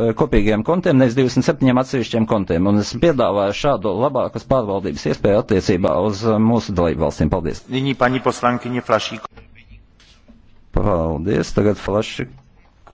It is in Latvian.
Eh, kopīgiem kontiem, nevis 27 atsevišķiem kontiem. Un es piedāvāju šādu labākas pārvaldības iespēju attiecībā uz eh, mūsu dalību valstīm. Paldies. Paldies. Tagad Flašika